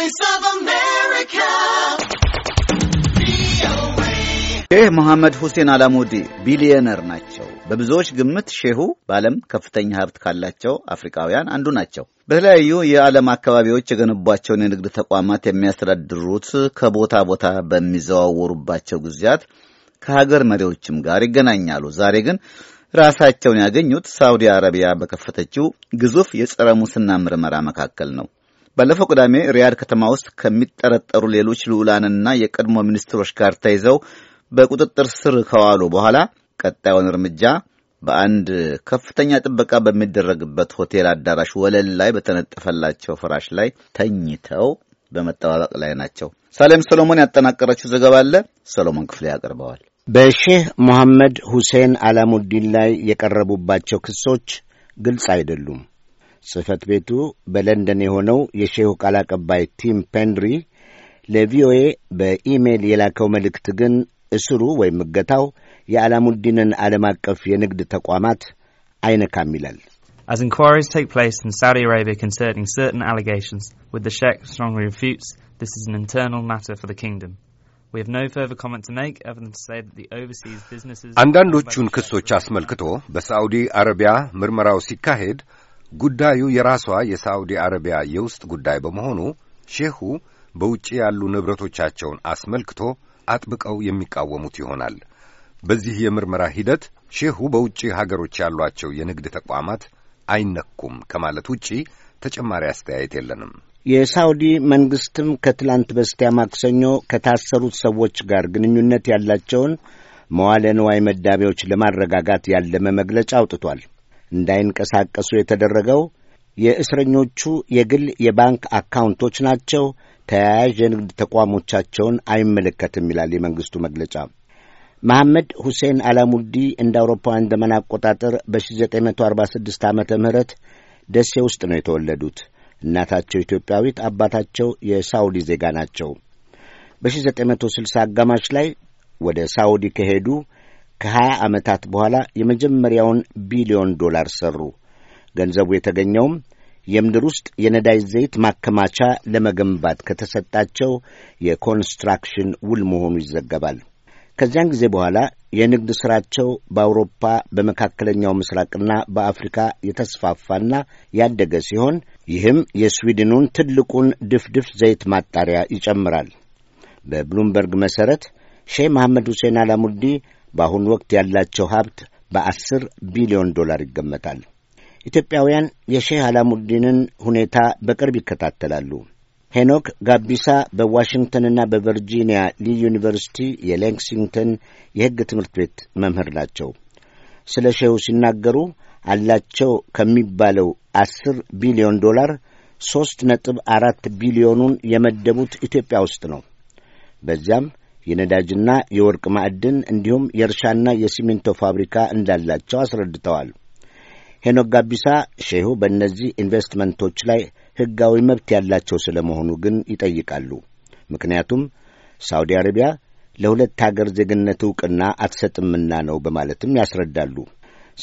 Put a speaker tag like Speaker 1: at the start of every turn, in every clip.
Speaker 1: Voice of America.
Speaker 2: ሼህ መሐመድ ሁሴን አላሙዲ ቢሊየነር ናቸው። በብዙዎች ግምት ሼሁ በዓለም ከፍተኛ ሀብት ካላቸው አፍሪካውያን አንዱ ናቸው። በተለያዩ የዓለም አካባቢዎች የገነቧቸውን የንግድ ተቋማት የሚያስተዳድሩት ከቦታ ቦታ በሚዘዋወሩባቸው ጊዜያት ከሀገር መሪዎችም ጋር ይገናኛሉ። ዛሬ ግን ራሳቸውን ያገኙት ሳውዲ አረቢያ በከፈተችው ግዙፍ የጸረ ሙስና ምርመራ መካከል ነው። ባለፈው ቅዳሜ ሪያድ ከተማ ውስጥ ከሚጠረጠሩ ሌሎች ልዑላንና የቀድሞ ሚኒስትሮች ጋር ተይዘው በቁጥጥር ስር ከዋሉ በኋላ ቀጣዩን እርምጃ በአንድ ከፍተኛ ጥበቃ በሚደረግበት ሆቴል አዳራሽ ወለል ላይ በተነጠፈላቸው ፍራሽ ላይ ተኝተው በመጠባበቅ ላይ ናቸው። ሳሌም ሰሎሞን ያጠናቀረችው ዘገባ አለ፣ ሰሎሞን ክፍሌ ያቀርበዋል።
Speaker 3: በሼህ መሐመድ ሁሴን አላሙዲን ላይ የቀረቡባቸው ክሶች ግልጽ አይደሉም። ጽህፈት ቤቱ በለንደን የሆነው የሼሁ ቃል አቀባይ ቲም ፔንድሪ ለቪኦኤ በኢሜይል የላከው መልእክት ግን እስሩ ወይም እገታው የዓላሙዲንን ዓለም አቀፍ የንግድ ተቋማት አይነካም
Speaker 2: ይላል። As inquiries take place in Saudi Arabia concerning certain allegations which the Sheikh strongly refutes, this is an internal matter for the kingdom. አንዳንዶቹን
Speaker 1: ክሶች አስመልክቶ በሳዑዲ አረቢያ ምርመራው ሲካሄድ ጉዳዩ የራሷ የሳዑዲ አረቢያ የውስጥ ጉዳይ በመሆኑ ሼሁ በውጭ ያሉ ንብረቶቻቸውን አስመልክቶ አጥብቀው የሚቃወሙት ይሆናል። በዚህ የምርመራ ሂደት ሼሁ በውጭ ሀገሮች ያሏቸው የንግድ ተቋማት አይነኩም ከማለት ውጪ ተጨማሪ አስተያየት የለንም።
Speaker 3: የሳውዲ መንግስትም ከትላንት በስቲያ ማክሰኞ ከታሰሩት ሰዎች ጋር ግንኙነት ያላቸውን መዋለ ንዋይ መዳቢያዎች ለማረጋጋት ያለመ መግለጫ አውጥቷል። እንዳይንቀሳቀሱ የተደረገው የእስረኞቹ የግል የባንክ አካውንቶች ናቸው፣ ተያያዥ የንግድ ተቋሞቻቸውን አይመለከትም ይላል የመንግሥቱ መግለጫ። መሐመድ ሁሴን አላሙዲ እንደ አውሮፓውያን ዘመን አቆጣጠር በ1946 ዓ ም ደሴ ውስጥ ነው የተወለዱት። እናታቸው ኢትዮጵያዊት፣ አባታቸው የሳውዲ ዜጋ ናቸው። በ1960 አጋማሽ ላይ ወደ ሳውዲ ከሄዱ ከሀያ ዓመታት በኋላ የመጀመሪያውን ቢሊዮን ዶላር ሰሩ። ገንዘቡ የተገኘውም የምድር ውስጥ የነዳጅ ዘይት ማከማቻ ለመገንባት ከተሰጣቸው የኮንስትራክሽን ውል መሆኑ ይዘገባል። ከዚያን ጊዜ በኋላ የንግድ ሥራቸው በአውሮፓ በመካከለኛው ምስራቅና በአፍሪካ የተስፋፋና ያደገ ሲሆን ይህም የስዊድኑን ትልቁን ድፍድፍ ዘይት ማጣሪያ ይጨምራል። በብሉምበርግ መሠረት ሼህ መሐመድ ሁሴን አላሙዲ በአሁኑ ወቅት ያላቸው ሀብት በአስር ቢሊዮን ዶላር ይገመታል። ኢትዮጵያውያን የሼህ አላሙዲንን ሁኔታ በቅርብ ይከታተላሉ። ሄኖክ ጋቢሳ በዋሽንግተንና በቨርጂኒያ ሊ ዩኒቨርሲቲ የሌክሲንግተን የሕግ ትምህርት ቤት መምህር ናቸው። ስለ ሼሁ ሲናገሩ አላቸው ከሚባለው አስር ቢሊዮን ዶላር ሦስት ነጥብ አራት ቢሊዮኑን የመደቡት ኢትዮጵያ ውስጥ ነው። በዚያም የነዳጅና የወርቅ ማዕድን እንዲሁም የእርሻና የሲሚንቶ ፋብሪካ እንዳላቸው አስረድተዋል። ሄኖክ ጋቢሳ ሼሁ በእነዚህ ኢንቨስትመንቶች ላይ ሕጋዊ መብት ያላቸው ስለ መሆኑ ግን ይጠይቃሉ። ምክንያቱም ሳውዲ አረቢያ ለሁለት አገር ዜግነት ዕውቅና አትሰጥምና ነው በማለትም ያስረዳሉ።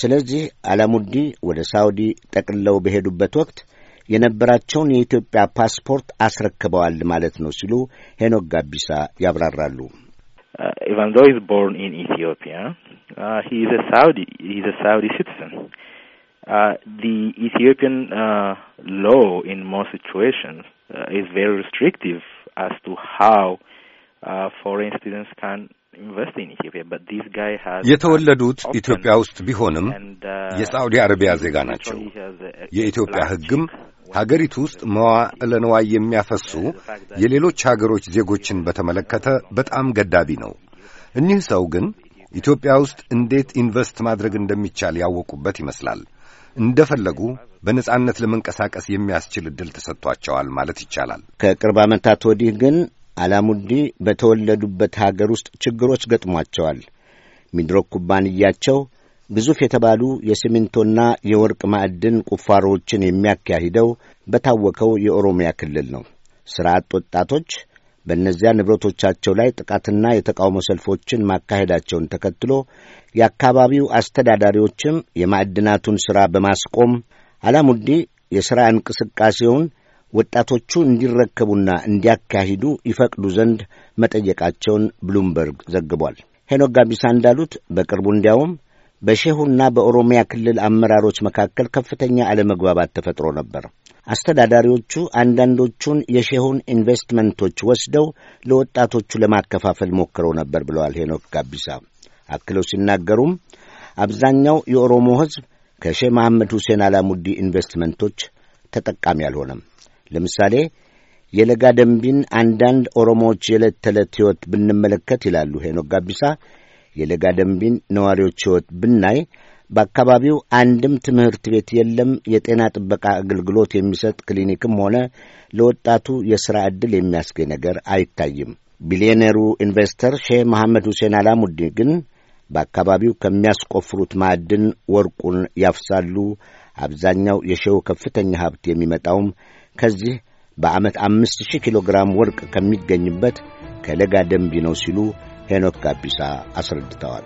Speaker 3: ስለዚህ አላሙዲ ወደ ሳውዲ ጠቅልለው በሄዱበት ወቅት የነበራቸውን የኢትዮጵያ ፓስፖርት አስረክበዋል ማለት ነው ሲሉ ሄኖክ ጋቢሳ ያብራራሉ።
Speaker 2: ኢቫንዶ ኢን ኢትዮጵያ ሂ ኢዝ ኢትዮጵያን ሎ ኢን ሞስት ሲቹዌሽንስ ኢዝ ቨሪ ሪስትሪክቲቭ አስ ቱ ሃው ፎሬን ስቱደንትስ ካን
Speaker 1: የተወለዱት ኢትዮጵያ ውስጥ ቢሆንም
Speaker 2: uh, የሳዑዲ አረቢያ
Speaker 1: ዜጋ ናቸው። የኢትዮጵያ ሕግም ሀገሪቱ ውስጥ መዋዕለ ንዋይ የሚያፈሱ የሌሎች ሀገሮች ዜጎችን በተመለከተ በጣም ገዳቢ ነው። እኒህ ሰው ግን ኢትዮጵያ ውስጥ እንዴት ኢንቨስት ማድረግ እንደሚቻል ያወቁበት ይመስላል። እንደፈለጉ በነጻነት ለመንቀሳቀስ የሚያስችል ዕድል ተሰጥቷቸዋል ማለት ይቻላል።
Speaker 3: ከቅርብ ዓመታት ወዲህ ግን አላሙዲ በተወለዱበት ሀገር ውስጥ ችግሮች ገጥሟቸዋል። ሚድሮክ ኩባንያቸው ግዙፍ የተባሉ የሲሚንቶና የወርቅ ማዕድን ቁፋሮዎችን የሚያካሂደው በታወቀው የኦሮሚያ ክልል ነው። ሥራ አጥ ወጣቶች በእነዚያ ንብረቶቻቸው ላይ ጥቃትና የተቃውሞ ሰልፎችን ማካሄዳቸውን ተከትሎ የአካባቢው አስተዳዳሪዎችም የማዕድናቱን ሥራ በማስቆም አላሙዲ የሥራ እንቅስቃሴውን ወጣቶቹ እንዲረከቡና እንዲያካሂዱ ይፈቅዱ ዘንድ መጠየቃቸውን ብሉምበርግ ዘግቧል። ሄኖክ ጋቢሳ እንዳሉት በቅርቡ እንዲያውም በሼሁና በኦሮሚያ ክልል አመራሮች መካከል ከፍተኛ አለመግባባት ተፈጥሮ ነበር። አስተዳዳሪዎቹ አንዳንዶቹን የሼሁን ኢንቨስትመንቶች ወስደው ለወጣቶቹ ለማከፋፈል ሞክረው ነበር ብለዋል ሄኖክ ጋቢሳ። አክለው ሲናገሩም አብዛኛው የኦሮሞ ሕዝብ ከሼህ መሐመድ ሁሴን አላሙዲ ኢንቨስትመንቶች ተጠቃሚ አልሆነም። ለምሳሌ የለጋ ደንቢን አንዳንድ ኦሮሞዎች የዕለት ተዕለት ሕይወት ብንመለከት ይላሉ ሄኖክ ጋቢሳ የለጋ ደንቢን ነዋሪዎች ሕይወት ብናይ በአካባቢው አንድም ትምህርት ቤት የለም። የጤና ጥበቃ አገልግሎት የሚሰጥ ክሊኒክም ሆነ ለወጣቱ የሥራ ዕድል የሚያስገኝ ነገር አይታይም። ቢሊዮነሩ ኢንቨስተር ሼህ መሐመድ ሁሴን አላሙዲ ግን በአካባቢው ከሚያስቆፍሩት ማዕድን ወርቁን ያፍሳሉ። አብዛኛው የሼው ከፍተኛ ሀብት የሚመጣውም ከዚህ በዓመት አምስት ሺህ ኪሎ ግራም ወርቅ ከሚገኝበት ከለጋ ደንቢ ነው ሲሉ ሄኖክ ጋቢሳ አስረድተዋል።